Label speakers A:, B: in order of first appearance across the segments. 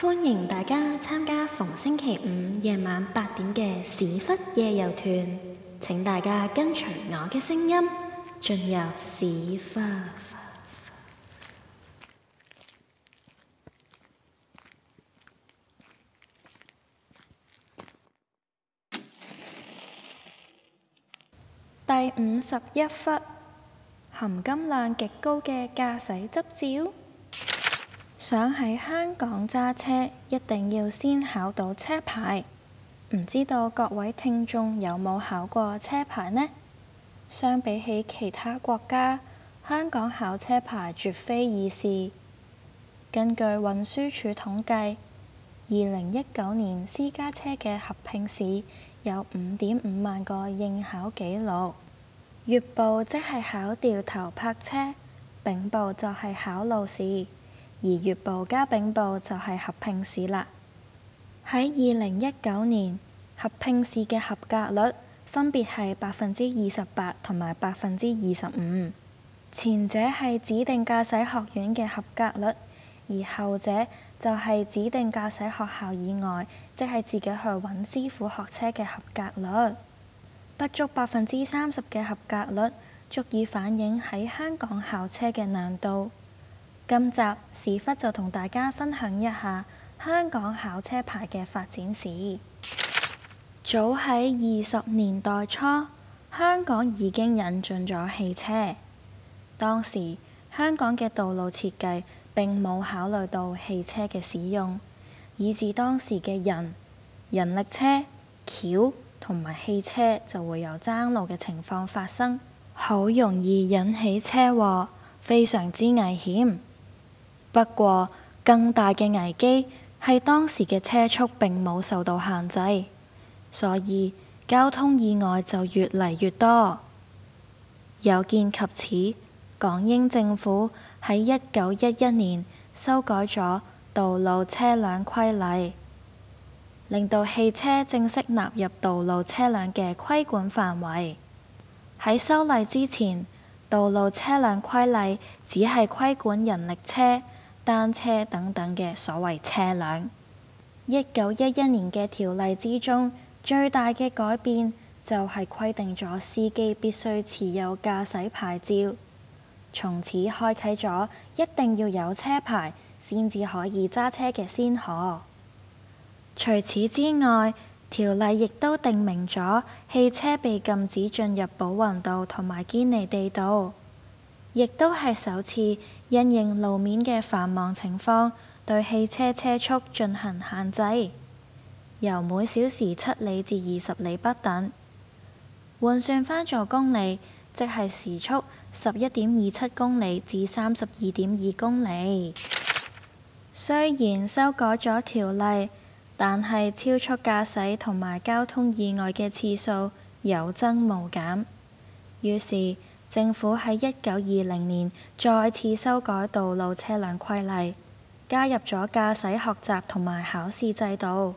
A: 歡迎大家參加逢星期五夜晚八點嘅史窟夜遊團。請大家跟隨我嘅聲音進入史窟。第五十一窟，含金量極高嘅駕駛執照？想喺香港揸車，一定要先考到車牌。唔知道各位聽眾有冇考過車牌呢？相比起其他國家，香港考車牌絕非易事。根據運輸署統計，二零一九年私家車嘅合併試有五點五萬個應考記錄。乙部即係考掉頭泊車，丙部就係考路試。而乙部加丙部就係合併試啦。喺二零一九年，合併試嘅合格率分別係百分之二十八同埋百分之二十五。前者係指定駕駛學院嘅合格率，而後者就係指定駕駛學校以外，即係自己去揾師傅學車嘅合格率。不足百分之三十嘅合格率，足以反映喺香港考車嘅難度。今集史窟就同大家分享一下香港考車牌嘅發展史。早喺二十年代初，香港已經引進咗汽車。當時香港嘅道路設計並冇考慮到汽車嘅使用，以致當時嘅人人力車轎同埋汽車就會有爭路嘅情況發生，好容易引起車禍，非常之危險。不過，更大嘅危機係當時嘅車速並冇受到限制，所以交通意外就越嚟越多。有見及此，港英政府喺一九一一年修改咗道路車輛規例，令到汽車正式納入道路車輛嘅規管範圍。喺修例之前，道路車輛規例只係規管人力車、單車等等嘅所謂車輛，一九一一年嘅條例之中，最大嘅改變就係規定咗司機必須持有駕駛牌照，從此開啟咗一定要有車牌先至可以揸車嘅先河。除此之外，條例亦都定明咗汽車被禁止進入寶雲道同埋堅尼地道。亦都係首次因應路面嘅繁忙情況，對汽車車速進行限制，由每小時七哩至二十哩不等，換算返做公里，即係時速十一點二七公里至三十二點二公里。雖然修改咗條例，但係超速駕駛同埋交通意外嘅次數有增無減，於是，政府喺一九二零年再次修改道路車輛規例，加入咗駕駛學習同埋考試制度。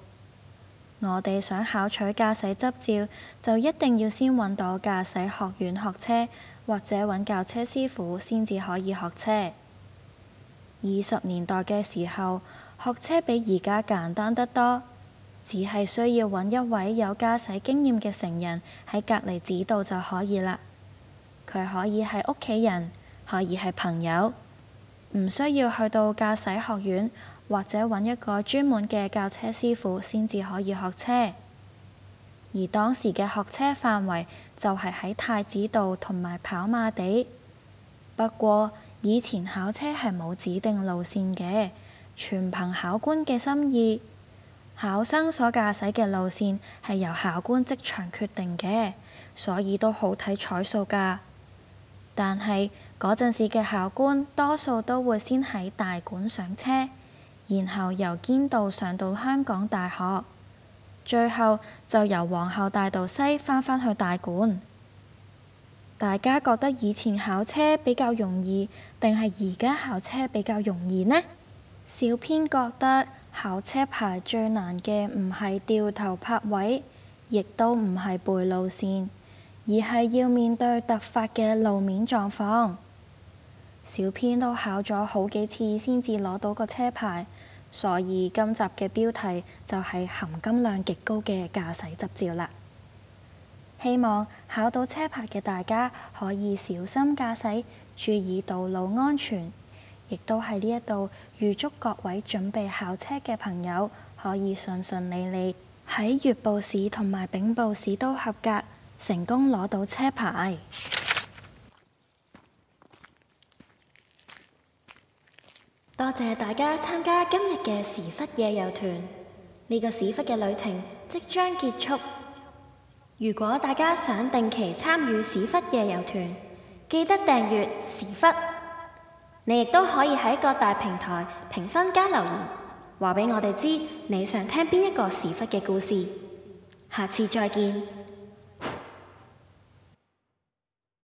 A: 我哋想考取駕駛執照，就一定要先揾到駕駛學院學車，或者揾教車師傅先至可以學車。二十年代嘅時候，學車比而家簡單得多，只係需要揾一位有駕駛經驗嘅成人喺隔離指導就可以啦。佢可以係屋企人，可以係朋友，唔需要去到駕駛學院或者揾一個專門嘅教車師傅先至可以學車。而當時嘅學車範圍就係喺太子道同埋跑馬地。不過以前考車係冇指定路線嘅，全憑考官嘅心意，考生所駕駛嘅路線係由考官即場決定嘅，所以都好睇彩數㗎。但係嗰陣時嘅考官，多數都會先喺大館上車，然後由堅道上到香港大學，最後就由皇后大道西翻返去大館。大家覺得以前考車比較容易，定係而家考車比較容易呢？小編覺得考車牌最難嘅唔係掉頭泊位，亦都唔係背路線。而係要面對突發嘅路面狀況，小編都考咗好幾次先至攞到個車牌，所以今集嘅標題就係含金量極高嘅駕駛執照啦。希望考到車牌嘅大家可以小心駕駛，注意道路安全，亦都喺呢一度預祝各位準備考車嘅朋友可以順順利利喺乙部試同埋丙部試都合格。成功攞到車牌，多謝大家參加今日嘅史窟夜遊團。呢個史窟嘅旅程即將結束，如果大家想定期參與史窟夜遊團，記得訂閱史窟。你亦都可以喺各大平台評分加留言，話俾我哋知你想聽邊一個史窟嘅故事。下次再見。